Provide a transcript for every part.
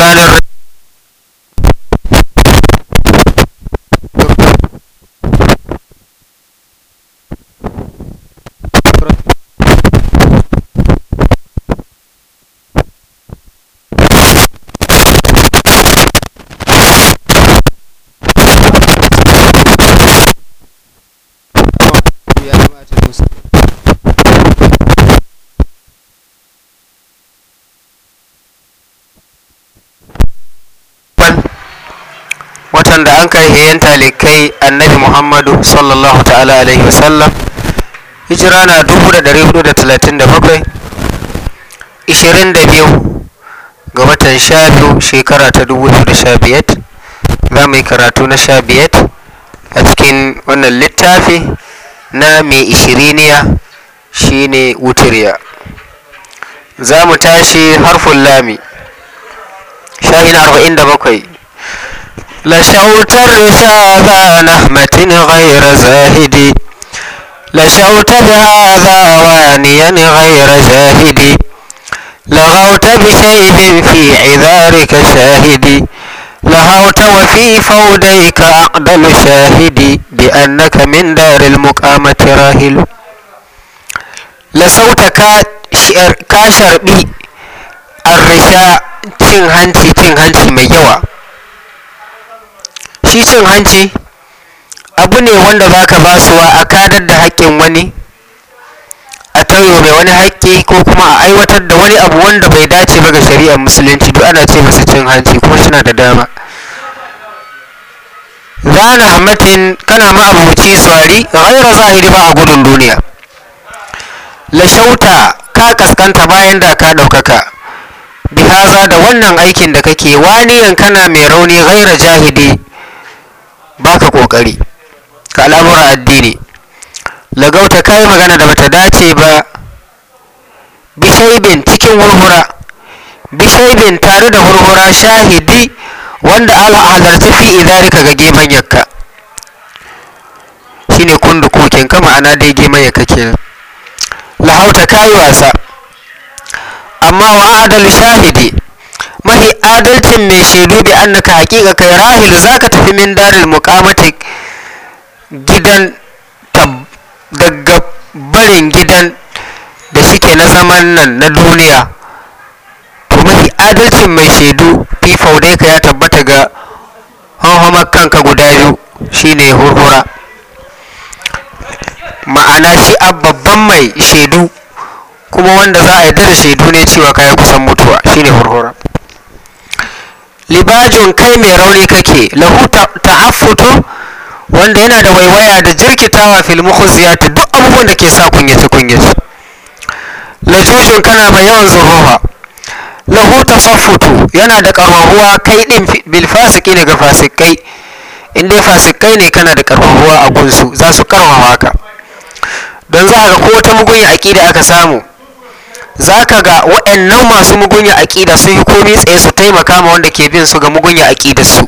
Vale. da an karhe yan talikai annabi muhammadu sallallahu ta'ala alaihi wasallam hijira na 1437 22 ga watan sha biyu shekara ta 2015 za mu yi karatu na sha a cikin wannan littafi na mai ishiriniya shine wuturiya za mu tashi harfin lami shahin 47 لشوت الوثاب نهمة غير زاهد لشوت بهذا وانيا غير زاهد لغوت بسيف في عذارك شاهد لهوت وفي فوديك أقدم شاهد بأنك من دار المقامة راهل لصوت كاشر بي الرشاء cin hanci cin shi cin hanci abu ne wanda baka basuwa a kadar da haƙƙin wani a tauye mai wani haƙƙi ko kuma a aiwatar da wani abu wanda bai dace ba ga shari'ar musulunci duk ana ce masa cin hanci kuma suna da dama zana hamatin kana ma abu ma'abuci tsari ghaira zahiri ba a gudun duniya la shauta ka kaskanta bayan da ka ɗaukaka bihaza da wannan aikin da kake waniyan kana mai rauni ghaira jahidi baka kokari ka al'amuran addini lagauta kai magana da bata dace ba bisaibin cikin hurhura bisaibin tare da hurhura shahidi wanda ala halarci fi idarika ga geman yakka shine kundu kokin ka ma'ana dai geman yakka ke lahauta kai wasa amma wa adal shahidi adalcin mai shaidu bi annaka haƙiƙa kai rahilu za ka tafi min daril muƙamati gidan daga barin gidan da shike na zaman nan na duniya to mafi adalcin mai shaidu fi faudai ya tabbata ga hanhamar kanka guda biyu shine hurhura ma'ana shi a babban mai shaidu kuma wanda za a yarda da shaidu ne cewa ya kusan mutuwa shine hurhura libajin kai mai rauni kake lahu ta'affutu wanda yana da waiwaya da jirkitawa fil mukhziyati duk abubuwan da ke sa kunyata kunyata lajujun kana mai yawan zurruwa lahu safutu yana da karwahuwa kai din bil fasiki ne ga fasikai in dai fasikai ne kana da karwahuwa a gunsu za su karwawa ka don za a ga ko wata mugunya aqida aka samu za ka ga waɗannan masu mugunya aƙida sun yi komi tsaye su taimaka ma wanda ke bin su ga mugunya aƙidar su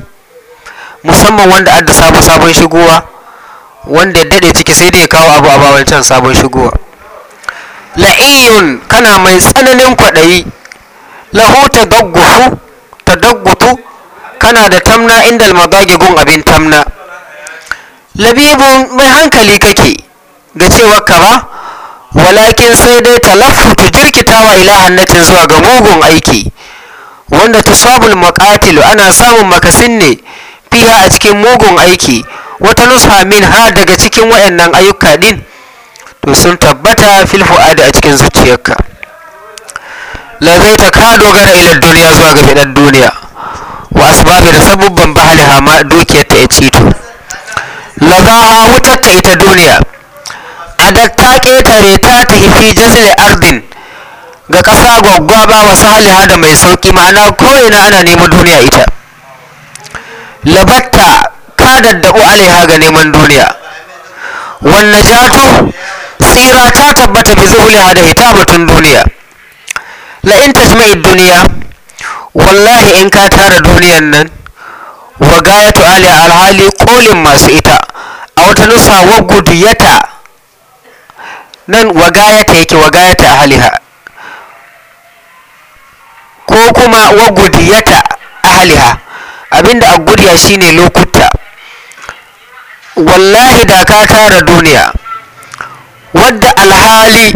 musamman wanda adda sabon sabon shigowa wanda ya daɗe ciki sai dai kawo abu a bawancan sabon shigowa la'iyun kana mai tsananin kwaɗayi lahu ta daggutu. kana da tamna inda magage gun abin tamna labibun mai hankali kake ga cewa ka ba walakin sai dai talaffutu jirkitawa ila hannatin zuwa ga mugun aiki wanda tusabul makatil ana samun makasin ne fiya a cikin mugun aiki wata nusha min ha daga cikin wayannan ayyuka din to sun tabbata fil fu'ad a cikin zuciyarka la zai ta ka dogara ila duniya zuwa ga fidan duniya wa asbabi da sabubban bahalha ma dukiyar ta ya cito la za wutar ta ita duniya da ta ƙetare ta tafi fi jazil ardin ga kasa gwaggwaba wa saliha da mai sauki ma'ana ko'ina ana neman duniya ita labatta ka daddabu alaiha ga neman duniya wanne jatu tsira ta tabbata bi zuhuliha da hita batun duniya la in tajma'i duniya wallahi in ka tara duniyan nan wa gayatu alaiha alhali kolin masu ita a wata nusa wa gudiyata nan wagayata yake wagayata ahliha ko kuma wagudiyata ahliha abinda a gudiya shine lokuta wallahi da ka tara duniya wadda alhali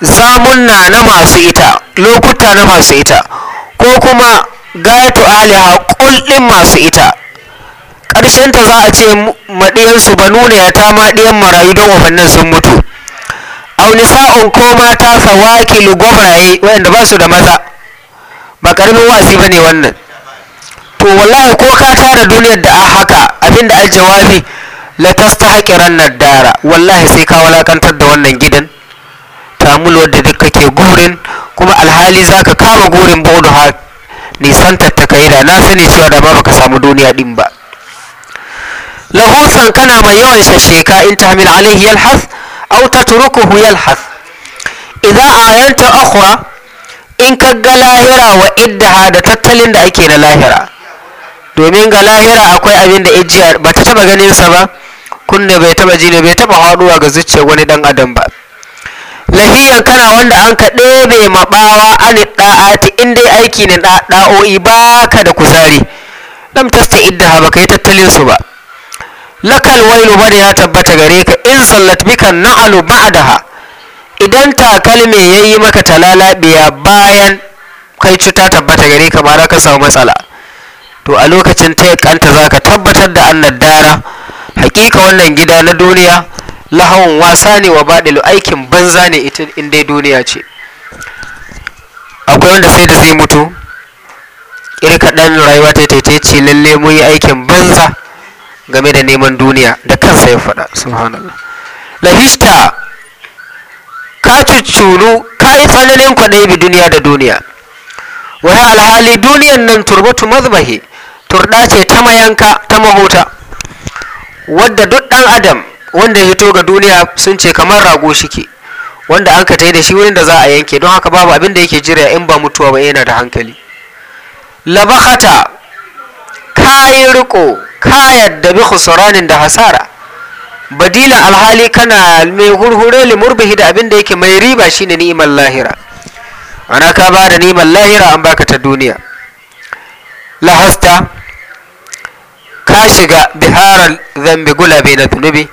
zamunna na masu ita lokuta na masu ita ko kuma a haliha kullin masu ita Karshen ta za a ce maɗiyansu ba nuna ya ta maɗiyan marayu don wafannin sun mutu nisa'un ko mata sawakil gwabaye waɗanda ba su da maza ba ƙaramin wasi ba ne wannan to wallahi ko ka tara duniyar da a haka abinda ai jawabi la tasta haƙiran nadara wallahi sai ka walakantar da wannan gidan tamulo da duk kake gurin kuma alhali za ka kama gurin Bodu ha nisan tattakai da na sani cewa da ba ka samu duniya din ba lahusan kana mai yawan shasheka in ta tahmil alaihi yalhas aw tatrukuhu yalhas idza ayanta ukhra in ka ga lahira wa iddaha da tattalin da ake na lahira domin ga lahira akwai abin da ijiya ba ta taba ganin sa ba kunne bai taba ji ne bai taba haduwa ga zuciyar wani dan adam ba lahiyan kana wanda an ka ɗebe maɓawa ani da'ati in dai aiki ne ɗa'o'i ba ka da kuzari lam tasta iddaha ba ka yi tattalin su ba lakal wailu bari ya tabbata gare ka in sallat bika na'alu ba'daha idan takalmi yayi maka talalabiya bayan kai ta tabbata gare ka ba ka samu matsala to a lokacin ta kanta zaka tabbatar da annar dara hakika wannan gida na duniya lahawun wasa ne wa baɗilu aikin banza ne ita in dai duniya ce akwai wanda sai da zai mutu irka ɗan rayuwa ta ce lalle mun yi aikin banza game da neman duniya da kansa ya faɗa subhanallah lahista ka cucculu ka yi tsananin kwaɗayi bi duniya da duniya wani alhali duniyan nan turbatu mazbahi turɗa ce ta mayanka ta mahuta. wadda duk ɗan adam wanda ya toga ga duniya sun ce kamar rago shike wanda an ka tai da shi wurin da za a yanke don haka babu abin da yake jira in ba mutuwa ba yana da hankali labakata kayi riko ka yadda bi khusuranin da hasara badilan alhali kana mai hurhure li murbihi da abin da yake mai riba shine ni'imar lahira ana ka ba da ni'imar lahira an baka ta duniya lahasta ka shiga biharar zambi gulabe na zunubi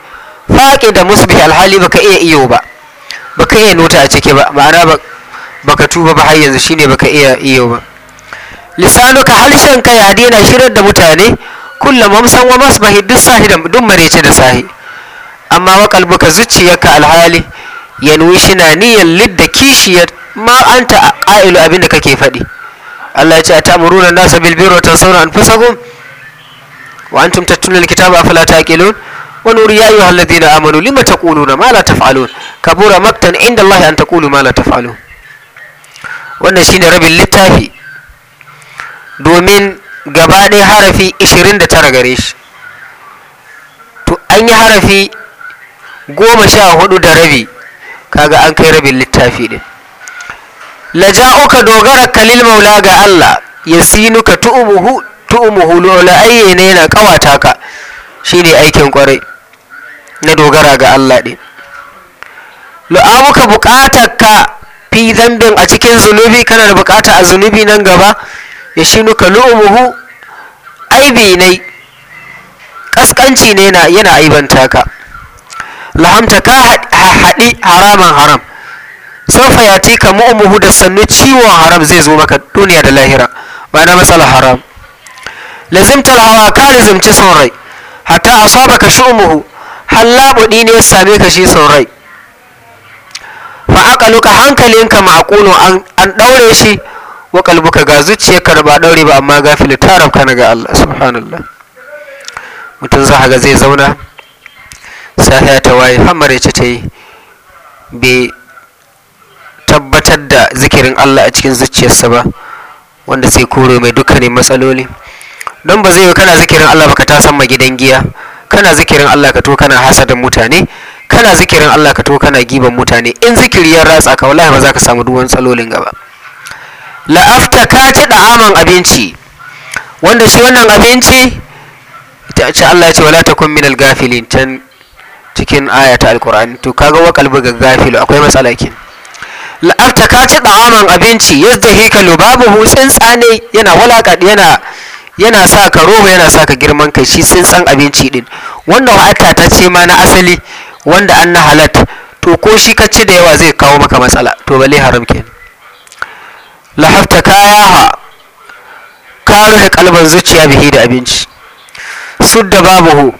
faƙi da musbihi alhali baka iya iyo ba baka iya nota a ciki ba ma'ana baka tuba ba har yanzu shine baka iya iyo ba lisanuka harshen ya hadina shirar da mutane kullum mamsan wa masbahi duk sahi da duk marece da sahi amma wa kalbuka zuciyarka alhali yanwi shina niyyar lidda kishiyar ma anta qailu abin da kake faɗi Allah ya ce atamuruna nasa bil birri wa tansawna anfusakum wa antum tatluna alkitaba afala taqilun wa nur ya ayyuha alladhina amanu lima taquluna ma la taf'alun kabura maktan inda Allah an taqulu ma la taf'alun wannan shine rabin littafi domin Gaba ɗaya harafi 29 gare shi to an yi harafi goma sha hudu da rabi kaga an kai rabin littafi ɗin laja'uka dogara kalil maula ga Allah ya sinuka tu'umuhu tu'umuhu lola ayye ne yana kawata ka shine aikin kwarai na dogara ga Allah ɗin. muka bukatar ka fi zambin a cikin zunubi kana da bukata a zunubi nan gaba yashinu kalu'umuhu aibi ne kaskanci ne yana aibanta ka lahamta ka haɗi haraman haram sofa ya ka mu'umuhu da sannu ciwon haram zai zo maka duniya da lahira ma'ana matsala haram lazimta hawa ka lazimci son rai hatta asaba ka har hallabuɗi ne same ka shi son rai fa aqaluka hankalinka ma'qulun an ɗaure shi wa kalbuka ga zuciyar karba ba daure ba amma gafil ta kana na ga Allah subhanallah mutum za ga zai zauna safiya ta waye hamar ya ce ta yi bai tabbatar da zikirin Allah a cikin zuciyarsa ba wanda sai kore mai dukkanin matsaloli don ba zai kana zikirin Allah baka ta san gidan giya kana zikirin Allah ka to kana hasadin mutane kana zikirin Allah ka to kana giban mutane in zikiri ya ratsa ka wallahi ba za ka samu duwan tsalolin gaba la'afta ka ci da'aman abinci wanda shi wannan abinci ta ce Allah ce wala takun min al-gafilin can cikin aya ta to kaga wa kalbu gafilu akwai matsala kin la'afta ka ci da'aman abinci yazdahika lubabuhu tsintsa ne yana walaka yana yana sa ka roba yana sa ka girman kai shi tsintsan abinci din wannan wa'ata ta ce ma na asali wanda an na halat to ko shi ka ci da yawa zai kawo maka matsala to bale haram kenan lahafta kayaha ka rufe kalban zuciya bihi da abinci sudda babuhu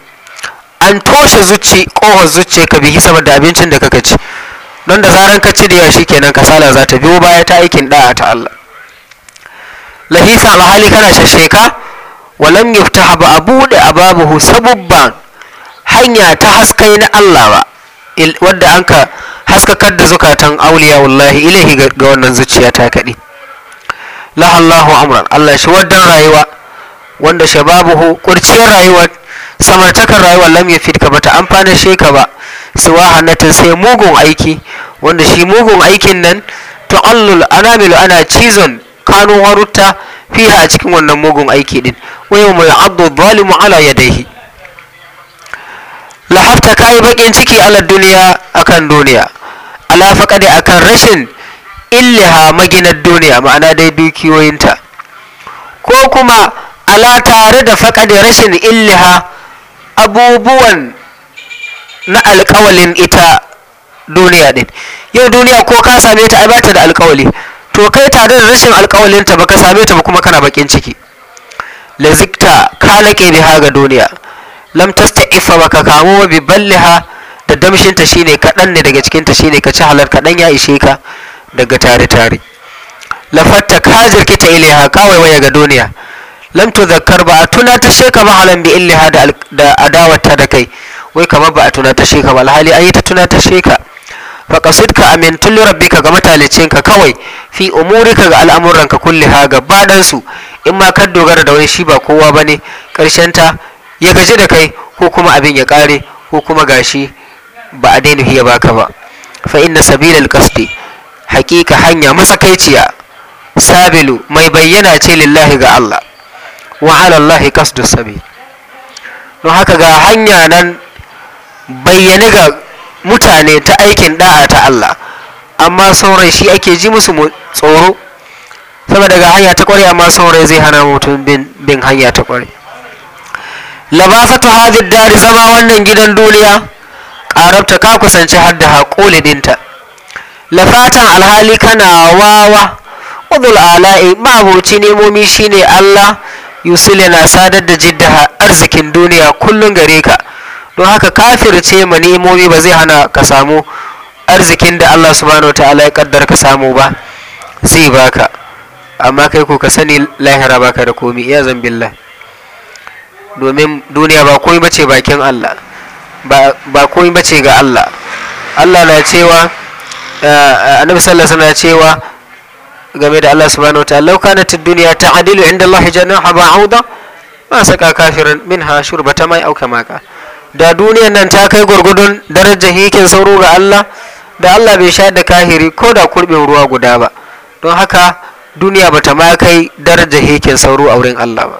an toshe zuci kohon zuci ka bihi saboda abincin da kaka ci don da zaran ka ci da yawa kenan kasala za ta biyo baya ta aikin da'a ta Allah lahisa alhali kana sheka walam yuftaha ba a buɗe ababuhu sabubban hanya ta haskai na Allah ba wadda an ka haskakar da zukatan auliya wallahi ilahi ga wannan zuciya ta kaɗi lahallahu amran Allah shi waddan rayuwa wanda shababuhu kurciyar rayuwar samartakar rayuwar lam ya fitka bata amfana shi ka ba siwa hanatin sai mugun aiki wanda shi mugun aikin nan tu'allul anamil ana cizon kanu harutta fiha a cikin wannan mugun aiki din wa yawma yu'addu zalimu ala yadayhi lahafta kai bakin ciki ala duniya akan duniya ala faqadi akan rashin illiha maginar duniya ma'ana dai dukiyoyinta ko kuma ala tare da faƙaɗe rashin illiha abubuwan na alƙawalin ita duniya ɗin yau duniya ko ka same ta ai bata da alƙawali to kai tare da rashin alkawalinta baka same ta ba kuma kana bakin ciki lazikta ka laƙe biha ga duniya lam ka kamu ba bi balliha da damshinta shine kaɗan ne daga cikinta shine ka ci halar kaɗan ya ishe ka daga tare-tare lafatta ka jirkita iliha kawai waya ga duniya lam tuzakkar ba a tuna ta sheka ba halan bi da adawata da kai wai kamar ba a tuna ta sheka ba alhali an yi ta tunata sheka fa qasidka rabbi ka ga ka kawai fi umurika ga kulli ka gaba dan su in ma ka dogara da wani shi ba kowa bane karshen ta ya gaji da kai ko kuma abin ya kare ko kuma gashi ba a daina hiya baka ba fa inna sabilal qasdi hakika hanya masakaiciya sabilu mai bayyana ce lillahi ga Allah wa alallahi kasdu sabi don haka ga hanya nan bayyane ga mutane ta aikin da'a ta Allah amma saurai shi ake ji musu tsoro saboda ga hanya ta kware amma saurai zai hana mutum bin hanya ta kware ta hadid dari zama wannan gidan duniya ƙarabta ka kusanci hadda haƙulidinta lafatan alhali kana wawa udul ala'i ma'abuci nemomi shine Allah yusile na sadar da jidda arzikin duniya kullum gare ka don haka kafirce ma nemomi ba zai hana ka samu arzikin da Allah subhanahu ta'ala ya kaddar ka samu ba zai baka amma kai ko ka sani lahira baka da komi iya zambillah domin duniya ba komai bace bakin Allah ba komai bace ga Allah Allah na cewa annabi sallallahu alaihi wasallam cewa game da Allah subhanahu wa ta'ala kanat duniya dunya ta'dilu 'inda Allah janaha auda ma saka kafirin minha shurbata mai auka maka da duniyan nan ta kai gurgudun darajar hikin sauro ga Allah da Allah bai sha da kahiri ko da kurbin ruwa guda ba don haka duniya bata ma kai darajar hikin sauro a wurin Allah ba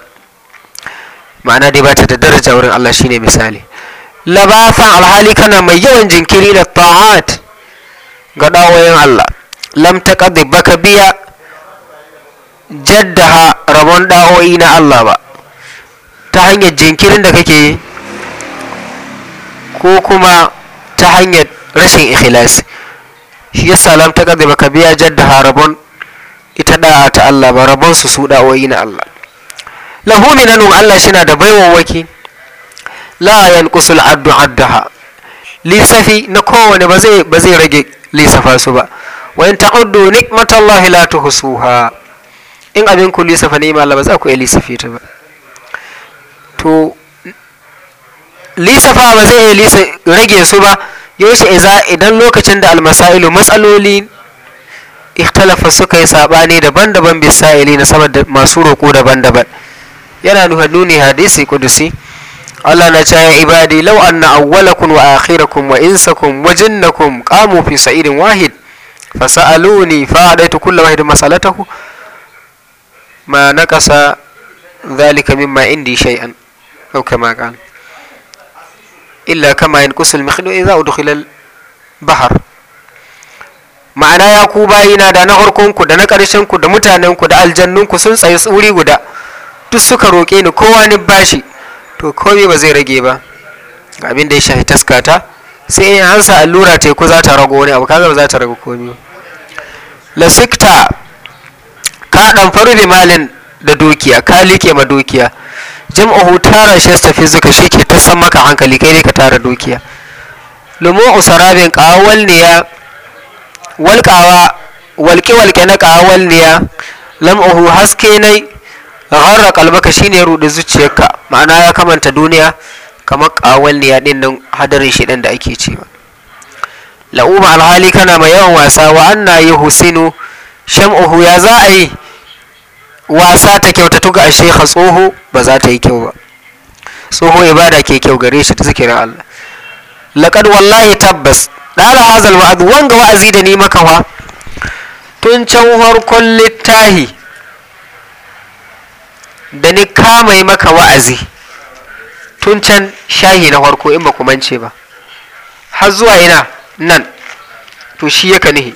ma'ana dai bata da daraja wurin Allah shine misali labafan alhali kana mai yawan jinkiri da ta'at ga dawoyin Allah lam taqdi baka biya jaddaha rabon da'o'i na Allah ba ta hanyar jinkirin da kake yi ko kuma ta hanyar rashin ikhlasi shi yasa lam taqdi baka biya jaddaha rabon ita da'a ta Allah ba rabon su su da'o'i na Allah lahu minanum Allah shi na da baiwawaki la yanqusul addu addaha lisafi na kowane ba zai rage lissafa su ba wa in ta'uddu ni'matallahi la tuhsuha in abin ku lissafa ma Allah ba za ku iya lissafe ta ba to lissafa ba zai iya rage su ba yaushe idan lokacin da almasailu matsaloli ikhtalafa suka yi sabani daban-daban bisaili na sama da masu roko daban-daban yana nuna nuni hadisi kudusi Allah na cewa ibadi law anna awwalakum wa akhirakum wa insakum wa jinnakum qamu fi sa'idin wahid fasaluni fa adaitu kullu wahid masalatahu ma naqasa dhalika mimma indi shay'an aw kama qala illa kama yanqusul mikhlu idha udkhila al bahar ma'ana ya ku bayina da na harkonku da na ku da mutanenku da aljannunku sun tsaye wuri guda duk suka roƙe ni kowa ni bashi to komai ba zai rage ba abin da ya shafi taskata sai in an sa allura ta ko za ta rago wani abu kaga ba za ta rago komai la sikta ka dan faru da malin da dukiya ka like ma dukiya jam'ahu tara shi fi zuka shi ke ta san maka hankali kai ne ka tara dukiya lumu usarabin qawal niya walqawa walqi walqana na qawal niya lam'uhu haske nai gharra kalbaka shine rudi zuciyarka ma'ana ya kamanta duniya kamar kawal ne ya din nan hadarin shi da ake cewa la'uma alhali kana mai yawan wasa wa anna yuhsinu sham'uhu ya za a yi wasa ta kyauta kyautatu a shekha tsoho ba za ta yi kyau ba tsoho ibada ke kyau gare shi ta zikirin Allah laqad wallahi tabbas dala hazal wa'ad wanga wa'azi da ni maka fa tun can farkon littahi da ni kama yi maka wa'azi tun can shahi na harko in ba ku mance ba har zuwa ina nan to shi yaka nihi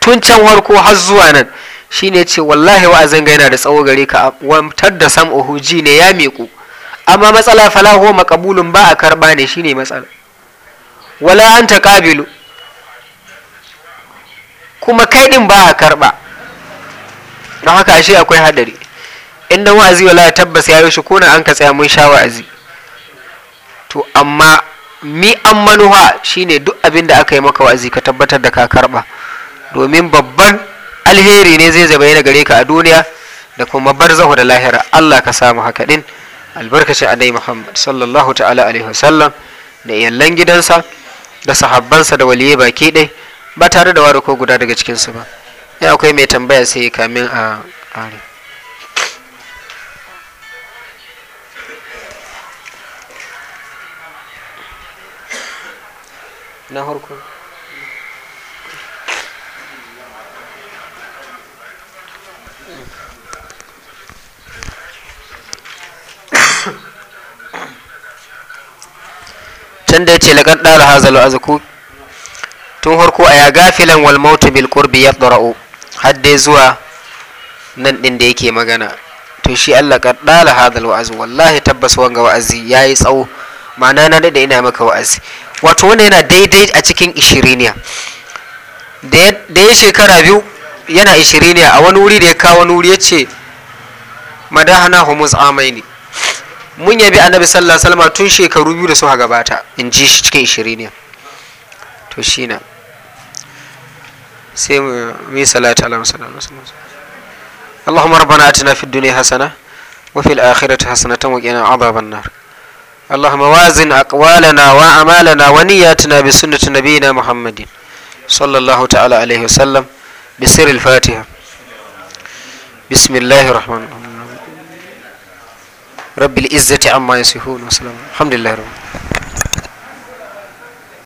tun can harko har zuwa nan shi ne ce wallahi wa'azin ga yana da tsawo gare ka wamtar da sam ji ne ya miƙu amma matsala falaho makabulun ba a karɓa ne shi ne matsala wala an ta ƙabilu kuma kai din ba a karɓa don haka ashe akwai hadari in dan wa'azi wala ya tabbas ya yi shi ko an ka tsaya mun sha wa'azi to amma mi an manuwa shine duk abin da aka yi maka wa'azi ka tabbatar da ka karba domin babban alheri ne zai zaba yana gare ka a duniya da kuma barzahu da lahira Allah ka samu haka din albarkacin annabi Muhammad sallallahu ta'ala alaihi wasallam da iyalan gidansa da sahabbansa da waliyai baki ɗai ba tare da ware ko guda daga cikinsu ba ya akwai mai tambaya sai kamin a ƙari na harko can da ya ce laƙar ɗara hazalu a zuku tun harko a ya gafilan wal bilkurbi ya ɗara'u har dai zuwa nan ɗin da yake magana to shi Allah ɗala hadal wa'azi wallahi tabbas wanga wa'azi ya yi tsawo ma'ana na da ina maka wa'azi wato wannan yana daidai a cikin ishiriniya da ya shekara biyu yana ishiriniya a wani wuri da ya kawo wani wuri ya ce madahana humus amaini mun yabi annabi sallallahu alaihi wasallam tun shekaru biyu da suka gabata in ji shi cikin ishiriniya to shi na sai mu yi salati اللهم ربنا اتنا في الدنيا حسنه وفي الاخره حسنه وقنا عذاب النار اللهم وازن اقوالنا واعمالنا ونياتنا بسنه نبينا محمد صلى الله تعالى عليه وسلم بسر الفاتحه بسم الله الرحمن الرحيم رب العزه عما يصفون وسلام الحمد لله رب